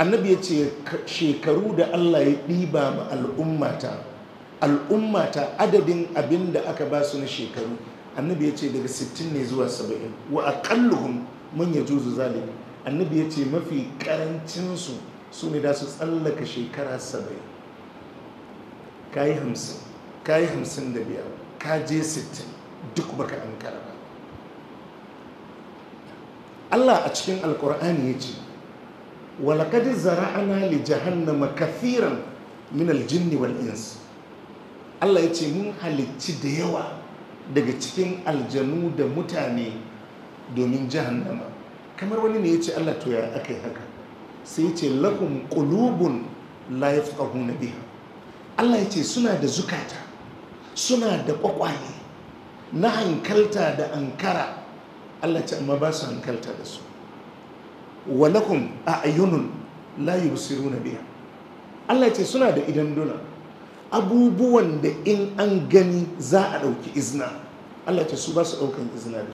annabi ya ce shekaru da allah ya ɗiba ma al'ummata al'ummata adadin abin da aka ba su na shekaru annabi ya ce daga 60 ne zuwa 70 wa aƙalluhun mun ya juzu zalimi annabi ya ce mafi ƙarancinsu su ne da su tsallaka shekara 70 ka yi 50 ka yi biyar, ka je 60 duk baka an karaba Allah a cikin alkur'ani ya ce zara zara'ana li jahannama kafiran min aljinni wal ins Allah ya ce mun halicci da yawa daga cikin aljanu da mutane domin jahannama kamar wani ne ya ce Allah to ya aka yi haka sai ya ce lahum qulubun la yafqahuna biha Allah ya ce suna da zukata suna da kwakwani na hankalta da ankara Allah ce amma ba su hankalta da su Walakun a ayyunun layu siru na biya Allah ce suna da idan duna abubuwan da in an gani za a ɗauki izina Allah ce su ba su ɗaukan izina